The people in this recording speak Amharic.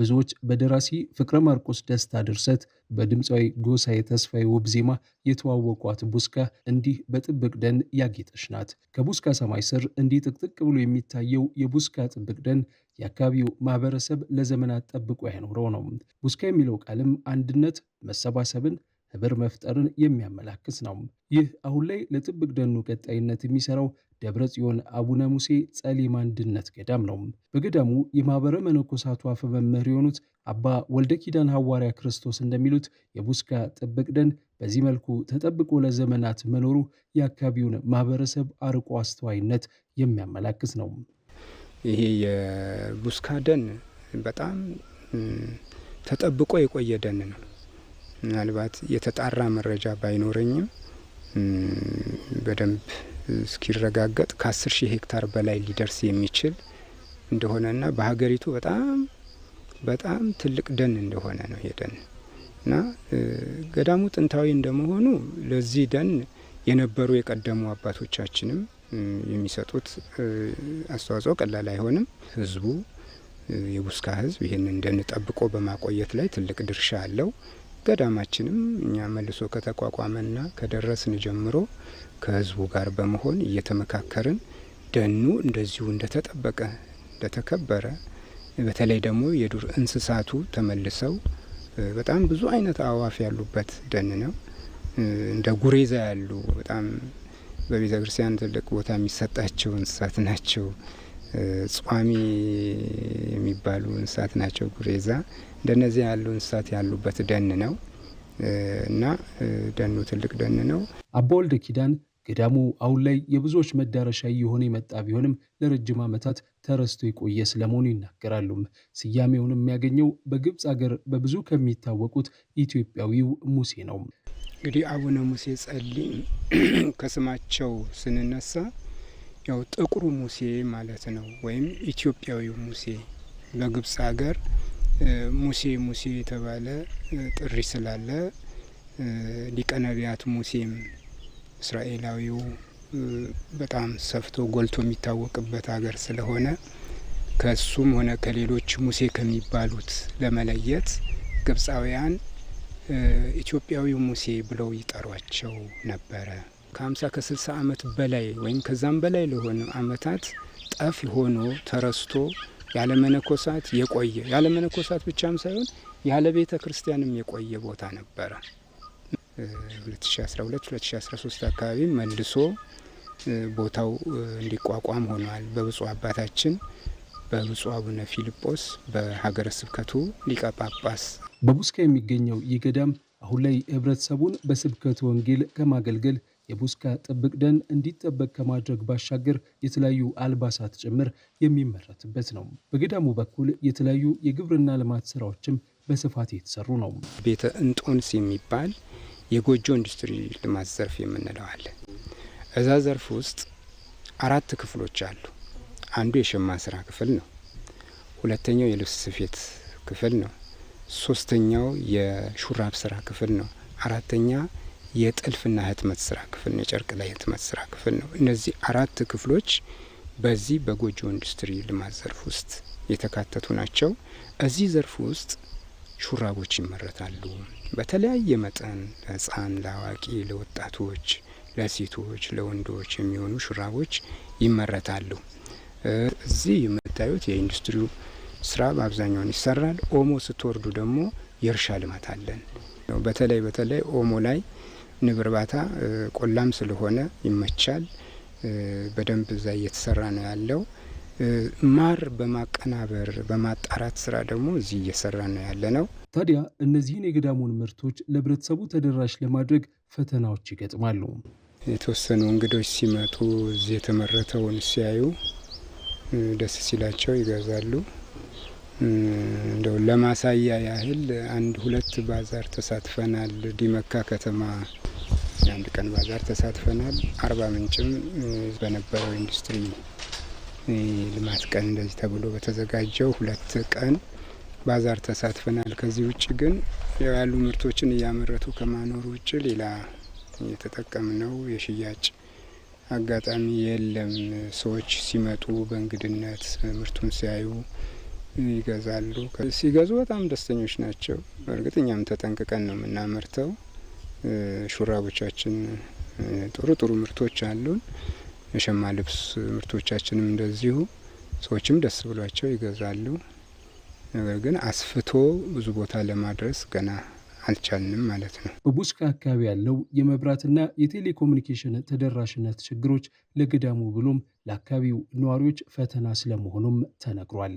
ብዙዎች በደራሲ ፍቅረ ማርቆስ ደስታ ድርሰት በድምፃዊ ጎሳዬ ተስፋዬ ውብ ዜማ የተዋወቋት ቡስካ እንዲህ በጥብቅ ደን ያጌጠች ናት። ከቡስካ ሰማይ ስር እንዲህ ጥቅጥቅ ብሎ የሚታየው የቡስካ ጥብቅ ደን የአካባቢው ማህበረሰብ ለዘመናት ጠብቆ ያኖረው ነው። ቡስካ የሚለው ቃልም አንድነት፣ መሰባሰብን ህብር መፍጠርን የሚያመላክት ነው። ይህ አሁን ላይ ለጥብቅ ደኑ ቀጣይነት የሚሰራው ደብረ ጽዮን አቡነ ሙሴ ጸሊም አንድነት ገዳም ነው። በገዳሙ የማኅበረ መነኮሳቱ አፈ መምህር የሆኑት አባ ወልደ ኪዳን ሐዋርያ ክርስቶስ እንደሚሉት የቡስካ ጥብቅ ደን በዚህ መልኩ ተጠብቆ ለዘመናት መኖሩ የአካባቢውን ማኅበረሰብ አርቆ አስተዋይነት የሚያመላክት ነው። ይሄ የቡስካ ደን በጣም ተጠብቆ የቆየ ደን ነው። ምናልባት የተጣራ መረጃ ባይኖረኝም በደንብ እስኪረጋገጥ ከአስር ሺህ ሄክታር በላይ ሊደርስ የሚችል እንደሆነና በሀገሪቱ በጣም በጣም ትልቅ ደን እንደሆነ ነው የደን ደን እና ገዳሙ ጥንታዊ እንደመሆኑ ለዚህ ደን የነበሩ የቀደሙ አባቶቻችንም የሚሰጡት አስተዋጽኦ ቀላል አይሆንም። ህዝቡ የቡስካ ህዝብ ይህንን ደን ጠብቆ በማቆየት ላይ ትልቅ ድርሻ አለው። ገዳማችንም እኛ መልሶ ከተቋቋመና ከደረስን ጀምሮ ከህዝቡ ጋር በመሆን እየተመካከርን ደኑ እንደዚሁ እንደተጠበቀ እንደተከበረ በተለይ ደግሞ የዱር እንስሳቱ ተመልሰው በጣም ብዙ አይነት አእዋፍ ያሉበት ደን ነው። እንደ ጉሬዛ ያሉ በጣም በቤተ ክርስቲያን ትልቅ ቦታ የሚሰጣቸው እንስሳት ናቸው። ጿሚ የሚባሉ እንስሳት ናቸው። ጉሬዛ እንደነዚህ ያሉ እንስሳት ያሉበት ደን ነው እና ደኑ ትልቅ ደን ነው። አቦ ወልደ ኪዳን ገዳሙ አሁን ላይ የብዙዎች መዳረሻ እየሆነ የመጣ ቢሆንም ለረጅም ዓመታት ተረስቶ የቆየ ስለመሆኑ ይናገራሉ። ስያሜውን የሚያገኘው በግብፅ ሀገር በብዙ ከሚታወቁት ኢትዮጵያዊው ሙሴ ነው። እንግዲህ አቡነ ሙሴ ጸሊም ከስማቸው ስንነሳ ያው ጥቁሩ ሙሴ ማለት ነው፣ ወይም ኢትዮጵያዊው ሙሴ በግብጽ ሀገር ሙሴ ሙሴ የተባለ ጥሪ ስላለ ሊቀ ነቢያት ሙሴም እስራኤላዊው በጣም ሰፍቶ ጎልቶ የሚታወቅበት ሀገር ስለሆነ ከሱም ሆነ ከሌሎች ሙሴ ከሚባሉት ለመለየት ግብፃውያን ኢትዮጵያዊው ሙሴ ብለው ይጠሯቸው ነበረ። ከ50 ከ60 ዓመት በላይ ወይም ከዛም በላይ ለሆነ ዓመታት ጠፍ ሆኖ ተረስቶ ያለ መነኮሳት የቆየ ያለ መነኮሳት ብቻም ሳይሆን ያለ ቤተ ክርስቲያንም የቆየ ቦታ ነበረ። 2012 2013 አካባቢ መልሶ ቦታው እንዲቋቋም ሆኗል። በብፁዕ አባታችን በብፁዕ አቡነ ፊልጶስ በሀገረ ስብከቱ ሊቀ ጳጳስ በቡስካ የሚገኘው ይህ ገዳም አሁን ላይ ህብረተሰቡን በስብከት ወንጌል ከማገልገል የቡስካ ጥብቅ ደን እንዲጠበቅ ከማድረግ ባሻገር የተለያዩ አልባሳት ጭምር የሚመረትበት ነው። በገዳሙ በኩል የተለያዩ የግብርና ልማት ስራዎችም በስፋት የተሰሩ ነው። ቤተ እንጦንስ የሚባል የጎጆ ኢንዱስትሪ ልማት ዘርፍ የምንለው አለ። እዛ ዘርፍ ውስጥ አራት ክፍሎች አሉ። አንዱ የሸማ ስራ ክፍል ነው። ሁለተኛው የልብስ ስፌት ክፍል ነው። ሶስተኛው የሹራብ ስራ ክፍል ነው። አራተኛ የጥልፍና ህትመት ስራ ክፍል ነው። የጨርቅ ላይ ህትመት ስራ ክፍል ነው። እነዚህ አራት ክፍሎች በዚህ በጎጆ ኢንዱስትሪ ልማት ዘርፍ ውስጥ የተካተቱ ናቸው። እዚህ ዘርፍ ውስጥ ሹራቦች ይመረታሉ። በተለያየ መጠን ለህፃን፣ ለአዋቂ፣ ለወጣቶች፣ ለሴቶች፣ ለወንዶች የሚሆኑ ሹራቦች ይመረታሉ። እዚህ የምታዩት የኢንዱስትሪው ስራ በአብዛኛውን ይሰራል። ኦሞ ስትወርዱ ደግሞ የእርሻ ልማት አለን። በተለይ በተለይ ኦሞ ላይ ንብ እርባታ ቆላም ስለሆነ ይመቻል። በደንብ እዛ እየተሰራ ነው ያለው። ማር በማቀናበር በማጣራት ስራ ደግሞ እዚህ እየሰራ ነው ያለ ነው። ታዲያ እነዚህን የገዳሙን ምርቶች ለህብረተሰቡ ተደራሽ ለማድረግ ፈተናዎች ይገጥማሉ። የተወሰኑ እንግዶች ሲመጡ እዚህ የተመረተውን ሲያዩ ደስ ሲላቸው ይገዛሉ። እንደው ለማሳያ ያህል አንድ ሁለት ባዛር ተሳትፈናል ዲመካ ከተማ የአንድ ቀን ባዛር ተሳትፈናል። አርባ ምንጭም በነበረው ኢንዱስትሪ ልማት ቀን እንደዚህ ተብሎ በተዘጋጀው ሁለት ቀን ባዛር ተሳትፈናል። ከዚህ ውጭ ግን ያሉ ምርቶችን እያመረቱ ከማኖር ውጭ ሌላ የተጠቀምነው የሽያጭ አጋጣሚ የለም። ሰዎች ሲመጡ በእንግድነት ምርቱን ሲያዩ ይገዛሉ። ሲገዙ በጣም ደስተኞች ናቸው። እርግጥ እኛም ተጠንቅቀን ነው የምናመርተው። ሹራቦቻችን ጥሩ ጥሩ ምርቶች አሉን። የሸማ ልብስ ምርቶቻችንም እንደዚሁ ሰዎችም ደስ ብሏቸው ይገዛሉ። ነገር ግን አስፍቶ ብዙ ቦታ ለማድረስ ገና አልቻልንም ማለት ነው። በቦችካ አካባቢ ያለው የመብራትና የቴሌኮሙኒኬሽን ተደራሽነት ችግሮች ለገዳሙ ብሎም ለአካባቢው ነዋሪዎች ፈተና ስለመሆኑም ተነግሯል።